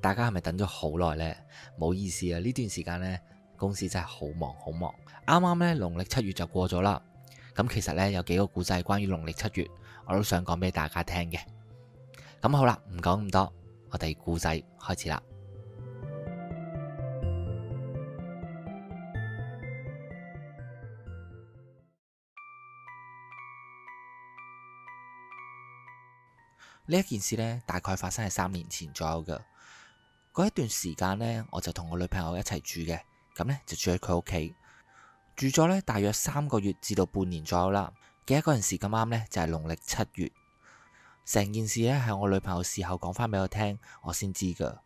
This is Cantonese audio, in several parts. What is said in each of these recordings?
大家係咪等咗好耐呢？唔好意思啊！呢段時間呢，公司真係好忙好忙。啱啱呢，農曆七月就過咗啦。咁其實呢，有幾個古仔關於農曆七月，我都想講俾大家聽嘅。咁好啦，唔講咁多，我哋故仔開始啦。呢一件事呢，大概發生喺三年前左右噶。嗰一段時間呢，我就同我女朋友一齊住嘅，咁呢，就住喺佢屋企，住咗呢，大約三個月至到半年左右啦。記得嗰陣時咁啱呢，就係農曆七月，成件事呢，係我女朋友事後講翻俾我聽，我先知噶。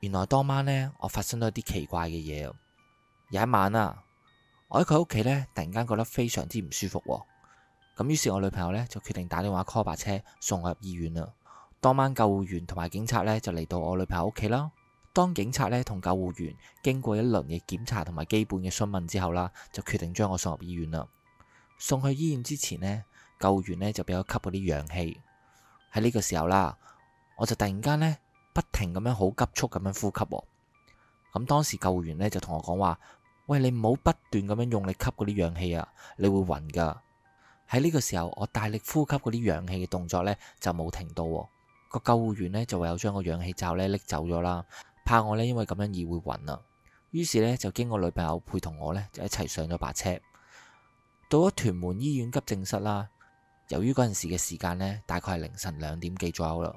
原來當晚呢，我發生咗啲奇怪嘅嘢。有一晚啊，我喺佢屋企呢，突然間覺得非常之唔舒服喎。咁於是，我女朋友呢，就決定打電話 call 把車送我入醫院啦。當晚救護員同埋警察呢就嚟到我女朋友屋企啦。當警察呢同救護員經過一輪嘅檢查同埋基本嘅詢問之後啦，就決定將我送入醫院啦。送去醫院之前呢，救護員呢就俾我吸嗰啲氧氣。喺呢個時候啦，我就突然間呢不停咁樣好急速咁樣呼吸。咁當時救護員呢就同我講話：喂，你唔好不斷咁樣用力吸嗰啲氧氣啊，你會暈噶。喺呢個時候，我大力呼吸嗰啲氧氣嘅動作呢，就冇停到。個救護員呢，就唯有將個氧氣罩呢拎走咗啦，怕我呢，因為咁樣而會暈啊。於是呢，就經過我女朋友陪同我呢，就一齊上咗白車到咗屯門醫院急症室啦。由於嗰陣時嘅時間呢，大概係凌晨兩點幾左右啦。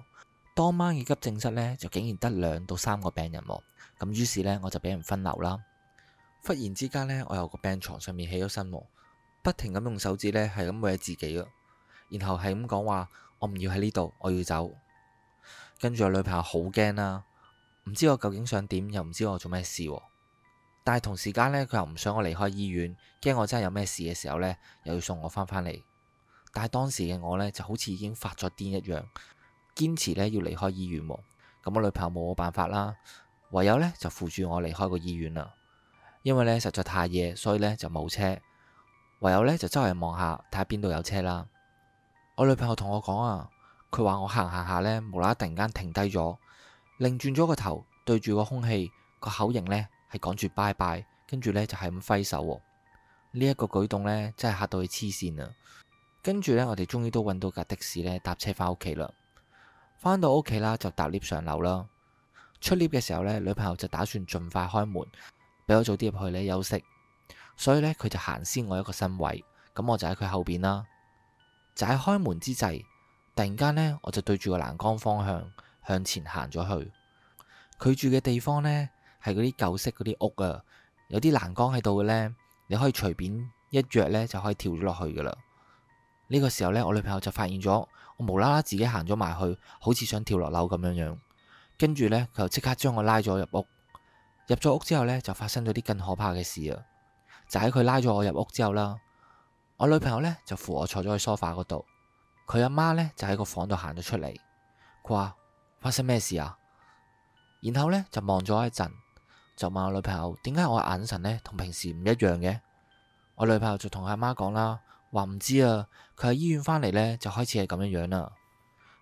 當晚嘅急症室呢，就竟然得兩到三個病人喎，咁於是呢，我就俾人分流啦。忽然之間呢，我有個病床上面起咗身喎，不停咁用手指呢，係咁搲自己啊。然後係咁講話：我唔要喺呢度，我要走。跟住我女朋友好驚啦，唔知我究竟想點，又唔知我做咩事。但係同時間呢，佢又唔想我離開醫院，驚我真係有咩事嘅時候呢，又要送我返返嚟。但係當時嘅我呢，就好似已經發咗癲一樣，堅持呢要離開醫院。咁我女朋友冇辦法啦，唯有呢就扶住我離開個醫院啦。因為呢實在太夜，所以呢就冇車，唯有呢就周圍望下，睇下邊度有車啦。我女朋友同我講啊。佢話我行行下呢，無啦啦突然間停低咗，擰轉咗個頭，對住個空氣個口型呢，係講住拜拜，跟住呢就係咁揮手。呢一個舉動呢，真係嚇到佢黐線啊！跟住呢，我哋終於都搵到架的士呢，搭車返屋企啦。返到屋企啦，就搭 lift 上樓啦。出 lift 嘅時候呢，女朋友就打算盡快開門，俾我早啲入去呢休息。所以呢，佢就行先我一個身位，咁我就喺佢後邊啦。就喺開門之際。突然間咧，我就對住個欄杆方向向前行咗去。佢住嘅地方呢，係嗰啲舊式嗰啲屋啊，有啲欄杆喺度嘅呢，你可以隨便一躍呢就可以跳咗落去噶啦。呢個時候呢，我女朋友就發現咗我無啦啦自己行咗埋去，好似想跳落樓咁樣樣。跟住呢，佢就即刻將我拉咗入屋。入咗屋之後呢，就發生咗啲更可怕嘅事啊！就喺佢拉咗我入屋之後啦，我女朋友呢，就扶我坐咗喺梳化嗰度。佢阿媽呢，就喺個房度行咗出嚟，佢話發生咩事啊？然後呢，就望咗我一陣，就問我女朋友：點解我眼神呢同平時唔一樣嘅？我女朋友就同阿媽講啦，話唔知啊，佢喺醫院返嚟呢，就開始係咁樣樣啦。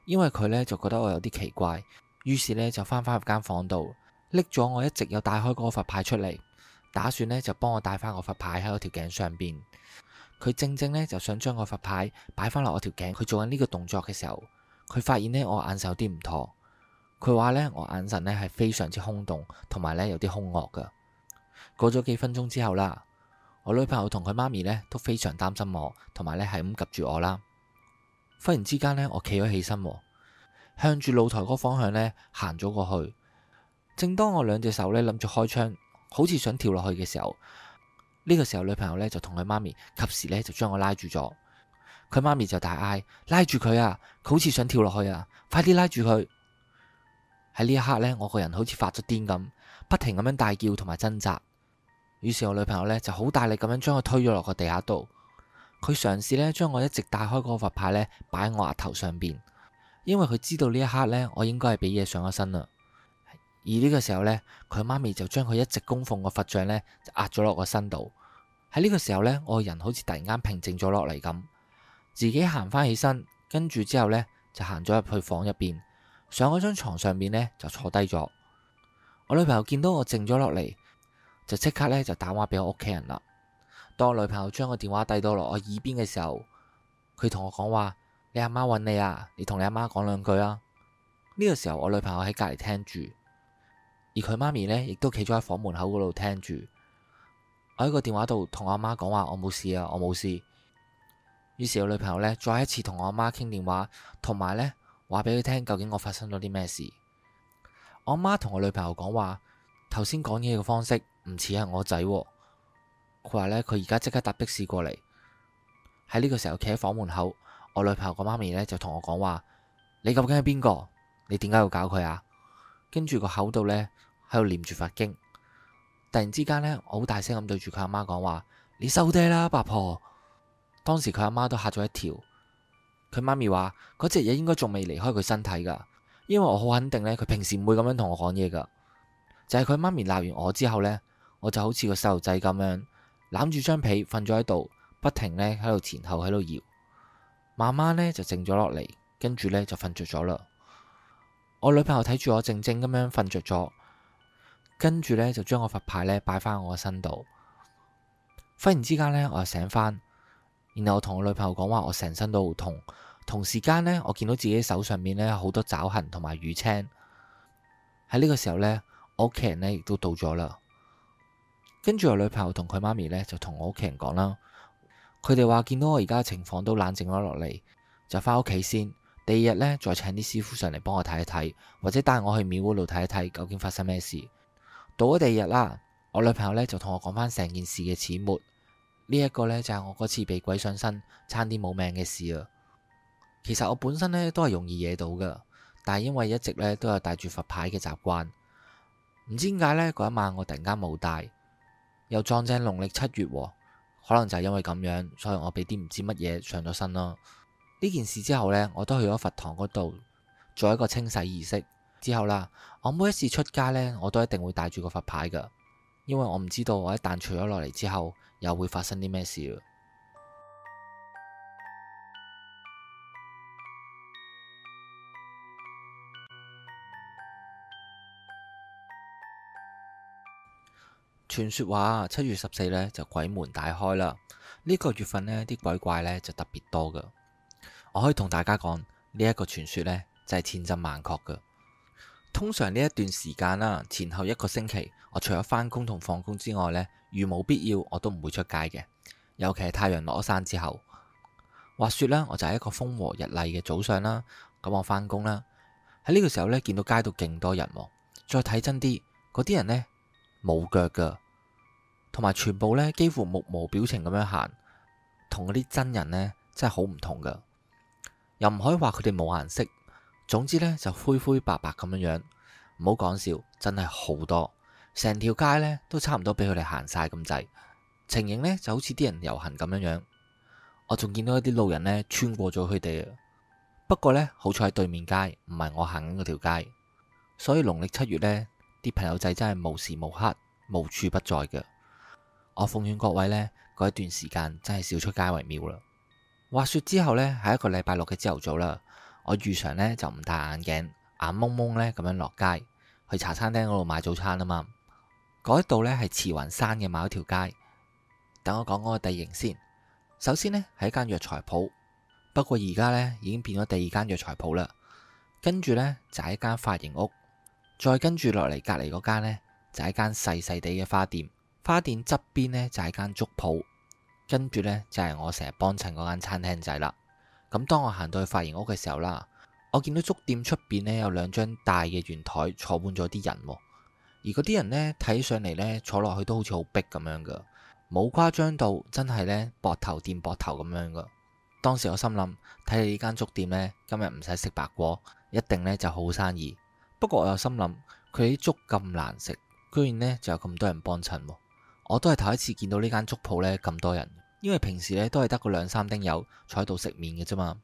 因為佢呢，就覺得我有啲奇怪，於是呢，就返返入間房度，拎咗我一直有帶開嗰個佛牌出嚟，打算呢，就幫我帶返個佛牌喺我條頸上邊。佢正正咧，就想將個佛牌擺翻落我條頸，佢做緊呢個動作嘅時候，佢發現呢，我眼神有啲唔妥。佢話呢，我眼神呢係非常之空洞，同埋呢有啲兇惡噶。過咗幾分鐘之後啦，我女朋友同佢媽咪呢都非常擔心我，同埋呢係咁及住我啦。忽然之間呢，我企咗起身，向住露台嗰方向呢行咗過去。正當我兩隻手呢諗住開窗，好似想跳落去嘅時候，呢個時候，女朋友咧就同佢媽咪及時咧就將我拉住咗，佢媽咪就大嗌：拉住佢啊！佢好似想跳落去啊！快啲拉住佢！喺呢一刻咧，我個人好似發咗癲咁，不停咁樣大叫同埋掙扎。於是，我女朋友咧就好大力咁樣將我推咗落個地下度。佢嘗試咧將我一直戴開嗰個佛牌咧擺喺我額頭上邊，因為佢知道呢一刻咧，我應該係俾嘢上咗身啦。而呢個時候呢，佢媽咪就將佢一直供奉個佛像呢，就壓咗落個身度。喺、這、呢個時候呢，我個人好似突然間平靜咗落嚟咁，自己行翻起身，跟住之後呢，就行咗入去房入邊，上嗰張床上面呢，就坐低咗。我女朋友見到我靜咗落嚟，就即刻呢就打話俾我屋企人啦。當我女朋友將個電話遞到落我耳邊嘅時候，佢同我講話：你阿媽揾你啊，你同你阿媽講兩句啊。呢、這個時候，我女朋友喺隔籬聽住。而佢媽咪呢，亦都企咗喺房門口嗰度聽住。我喺個電話度同我阿媽講話：，我冇事啊，我冇事。於是，我女朋友呢，再一次同我阿媽傾電話，同埋呢話俾佢聽究竟我發生咗啲咩事。我阿媽同我女朋友講話：，頭先講嘢嘅方式唔似係我仔喎。佢話呢，佢而家即刻搭的士過嚟。喺呢個時候企喺房門口，我女朋友個媽咪呢，就同我講話：，你究竟係邊個？你點解要搞佢啊？跟住個口度呢，喺度唸住佛經。突然之間呢，我好大聲咁對住佢阿媽講話：你收爹啦，八婆！當時佢阿媽都嚇咗一跳。佢媽咪話：嗰隻嘢應該仲未離開佢身體㗎，因為我好肯定呢，佢平時唔會咁樣同我講嘢㗎。就係佢媽咪鬧完我之後呢，我就好似個細路仔咁樣攬住張被瞓咗喺度，不停呢喺度前後喺度搖。慢慢呢就靜咗落嚟，跟住呢就瞓着咗啦。我女朋友睇住我靜靜咁樣瞓着咗，跟住呢就將個佛牌呢擺翻我身度。忽然之間呢，我又醒返。然後我同我女朋友講話，我成身都好痛，同時間呢，我見到自己手上面呢好多爪痕同埋淤青。喺呢個時候呢，我屋企人呢亦都到咗啦。跟住我女朋友同佢媽咪呢，就同我屋企人講啦，佢哋話見到我而家嘅情況都冷靜咗落嚟，就翻屋企先。第二日呢，再請啲師傅上嚟幫我睇一睇，或者帶我去廟嗰度睇一睇，究竟發生咩事。到咗第二日啦，我女朋友呢就同我講翻成件事嘅始末。呢一個呢，就係我嗰次被鬼上身，差啲冇命嘅事啊。其實我本身呢都係容易惹到噶，但係因為一直呢都有帶住佛牌嘅習慣，唔知點解呢，嗰一晚我突然間冇帶，又撞正農曆七月，可能就係因為咁樣，所以我俾啲唔知乜嘢上咗身咯。呢件事之後呢，我都去咗佛堂嗰度做一個清洗儀式。之後啦，我每一次出街呢，我都一定會帶住個佛牌噶，因為我唔知道我一旦除咗落嚟之後又會發生啲咩事咯。傳説話七月十四呢，就鬼門大開啦，呢、這個月份呢，啲鬼怪呢，就特別多噶。我可以同大家講呢一個傳說咧，就係千真萬確噶。通常呢一段時間啦，前後一個星期，我除咗返工同放工之外呢，如冇必要，我都唔會出街嘅。尤其係太陽落咗山之後，話說呢，我就係一個風和日麗嘅早上啦。咁我返工啦，喺呢個時候呢，見到街度勁多人，再睇真啲，嗰啲人呢，冇腳噶，同埋全部呢幾乎目無表情咁樣行，同嗰啲真人呢，真係好唔同噶。又唔可以話佢哋冇顏色，總之呢，就灰灰白白咁樣樣，唔好講笑，真係好多，成條街呢，都差唔多俾佢哋行晒咁滯，情形呢，就好似啲人遊行咁樣樣，我仲見到一啲路人呢，穿過咗佢哋，不過呢，好彩喺對面街唔係我行緊嗰條街，所以農曆七月呢，啲朋友仔真係無時無刻無處不在嘅，我奉勸各位呢，嗰一段時間真係少出街為妙啦。話說之後呢，係一個禮拜六嘅朝頭早啦。我預常呢就唔戴眼鏡，眼蒙蒙呢咁樣落街去茶餐廳嗰度買早餐啊嘛。嗰一度呢係慈雲山嘅某一條街。等我講講個地形先。首先呢係一間藥材鋪，不過而家呢已經變咗第二間藥材鋪啦。跟住呢就係一間髮型屋，再跟住落嚟隔離嗰間呢就係一間細細地嘅花店。花店側邊呢就係間粥鋪。跟住呢，就係我成日幫襯嗰間餐廳仔啦。咁當我行到去髮型屋嘅時候啦，我見到粥店出邊呢有兩張大嘅圓台坐滿咗啲人，而嗰啲人呢，睇上嚟呢，坐落去都好似好逼咁樣噶，冇誇張到真係呢，膊頭掂膊頭咁樣噶。當時我心諗，睇你呢間粥店呢，今日唔使食白果，一定呢就好生意。不過我又心諗，佢啲粥咁難食，居然呢就有咁多人幫襯，我都係頭一次見到呢間粥鋪呢，咁多人。因為平時咧都係得個兩三丁友坐喺度食麵嘅啫嘛，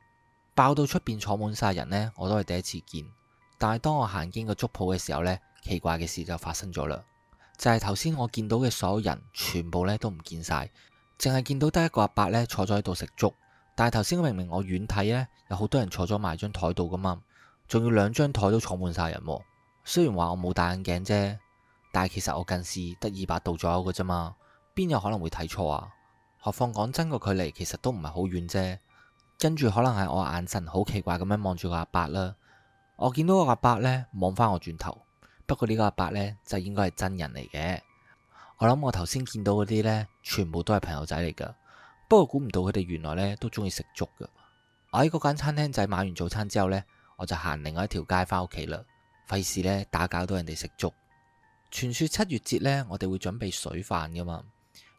爆到出邊坐滿晒人呢，我都係第一次見。但係當我行經個粥鋪嘅時候呢，奇怪嘅事就發生咗啦。就係頭先我見到嘅所有人全部呢都唔見晒，淨係見到得一個阿伯呢坐咗喺度食粥。但係頭先明明我遠睇呢，有好多人坐咗埋張台度噶嘛，仲要兩張台都坐滿晒人。雖然話我冇戴眼鏡啫，但係其實我近視得二百度左右嘅啫嘛，邊有可能會睇錯啊？何況講真個距離其實都唔係好遠啫，跟住可能係我眼神好奇怪咁樣望住個阿伯啦。我見到個阿伯，伯呢，望返我轉頭，不過呢個阿伯，伯呢，就應該係真人嚟嘅。我諗我頭先見到嗰啲呢，全部都係朋友仔嚟噶，不過估唔到佢哋原來呢，都中意食粥噶。我喺嗰間餐廳仔買完早餐之後呢，我就行另外一條街返屋企啦，費事呢，打攪到人哋食粥。傳說七月節呢，我哋會準備水飯噶嘛。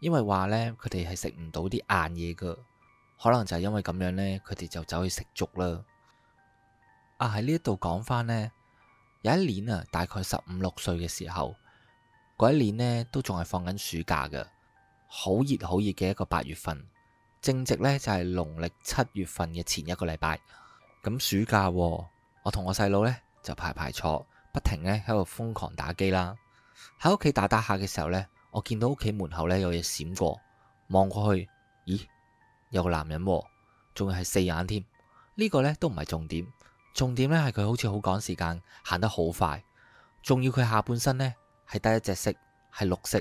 因為話呢，佢哋係食唔到啲硬嘢噶，可能就係因為咁樣呢，佢哋就走去食粥啦。啊，喺呢一度講翻呢，有一年啊，大概十五六歲嘅時候，嗰一年呢都仲係放緊暑假嘅，好熱好熱嘅一個八月份，正值呢就係、是、農曆七月份嘅前一個禮拜。咁暑假，我同我細佬呢就排排坐，不停呢喺度瘋狂打機啦，喺屋企打打下嘅時候呢。我見到屋企門口咧，有嘢閃過，望過去，咦，有個男人喎，仲要係四眼添。這個、呢個咧都唔係重點，重點咧係佢好似好趕時間，行得好快，仲要佢下半身呢係得一隻色，係綠色，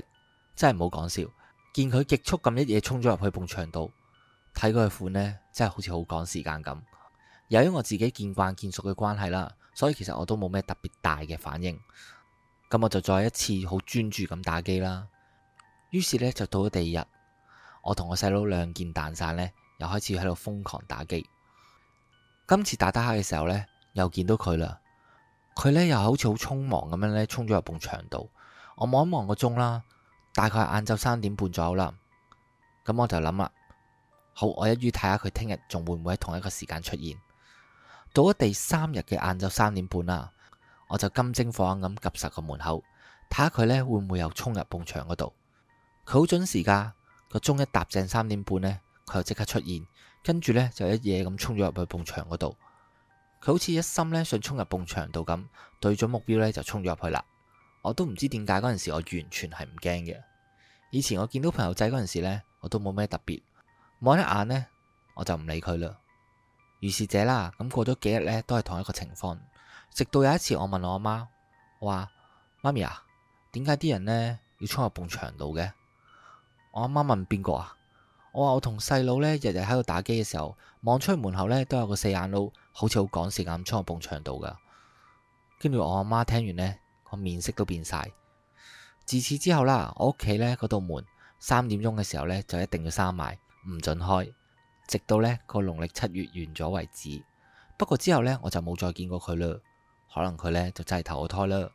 真係唔好講笑。見佢極速咁一嘢衝咗入去埲牆度，睇佢款呢真係好似好趕時間咁。由於我自己見慣見熟嘅關係啦，所以其實我都冇咩特別大嘅反應。咁我就再一次好專注咁打機啦。於是咧，就到咗第二日，我同我細佬兩件蛋散咧，又開始喺度瘋狂打機。今次打打下嘅時候咧，又見到佢啦。佢咧又好似好匆忙咁樣咧，衝咗入埲牆度。我望一望個鐘啦，大概係晏晝三點半左右啦。咁我就諗啦，好，我一於睇下佢聽日仲會唔會喺同一個時間出現。到咗第三日嘅晏晝三點半啦，我就金睛火眼咁 𥄫 實個門口，睇下佢咧會唔會又衝入埲牆嗰度。佢好準時噶個鐘一踏正三點半呢，佢就即刻出現，跟住呢，就一嘢咁衝咗入去埲牆嗰度。佢好似一心呢，想衝入埲牆度咁，對咗目標呢，就衝咗入去啦。我都唔知點解嗰陣時我完全係唔驚嘅。以前我見到朋友仔嗰陣時呢，我都冇咩特別，望一眼呢，我就唔理佢啦。如是者啦，咁過咗幾日呢，都係同一個情況，直到有一次我問我阿媽，我話：媽咪啊，點解啲人呢要衝入埲牆度嘅？我阿媽問邊個啊？我話我同細佬呢，日日喺度打機嘅時候，望出去門口呢，都有個四眼佬，好似好趕時間咁衝入埲牆度㗎。跟住我阿媽聽完呢，個面色都變晒。自此之後啦，我屋企呢，嗰道門三點鐘嘅時候呢，就一定要閂埋，唔准開，直到呢個農曆七月完咗為止。不過之後呢，我就冇再見過佢啦，可能佢呢，就真係投咗胎啦。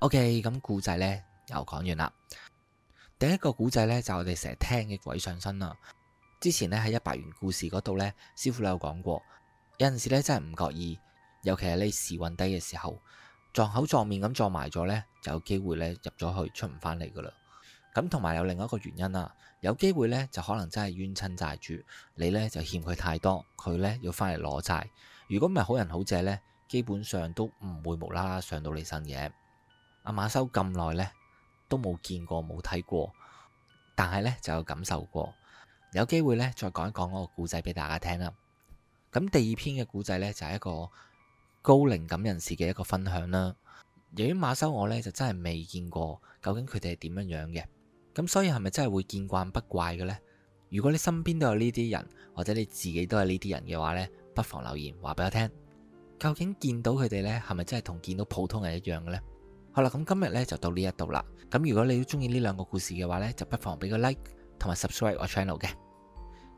O K，咁故仔呢又講完啦。第一個故仔呢，就係我哋成日聽嘅鬼上身啦。之前呢，喺一百元故事嗰度呢，師傅都有講過，有陣時呢真係唔覺意，尤其係你時運低嘅時候撞口撞面咁撞埋咗呢，就有機會呢入咗去出唔返嚟噶啦。咁同埋有另一個原因啦，有機會呢就可能真係冤親債主，你呢就欠佢太多，佢呢要返嚟攞債。如果唔係好人好借呢，基本上都唔會無啦啦上到你身嘢。阿馬修咁耐呢，都冇見過、冇睇過，但係呢就有感受過。有機會呢，再講一講嗰個故仔俾大家聽啦。咁第二篇嘅故仔呢，就係一個高靈感人士嘅一個分享啦。由於馬修我呢，就真係未見過，究竟佢哋係點樣樣嘅？咁所以係咪真係會見慣不怪嘅呢？如果你身邊都有呢啲人，或者你自己都係呢啲人嘅話呢，不妨留言話俾我聽，究竟見到佢哋呢，係咪真係同見到普通人一樣嘅呢？好啦，咁今日呢就到呢一度啦。咁如果你都中意呢兩個故事嘅話呢，就不妨俾個 like 同埋 subscribe 我 channel 嘅。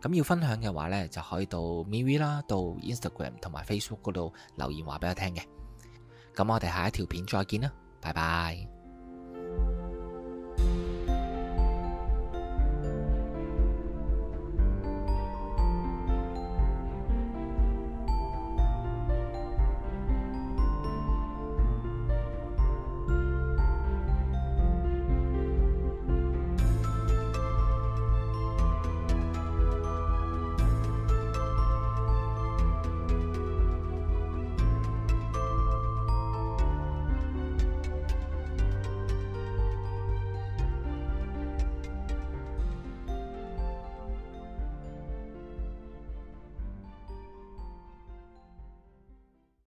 咁要分享嘅話呢，就可以到 MeWe 啦，到 Instagram 同埋 Facebook 嗰度留言話俾我聽嘅。咁我哋下一條片再見啦，拜拜。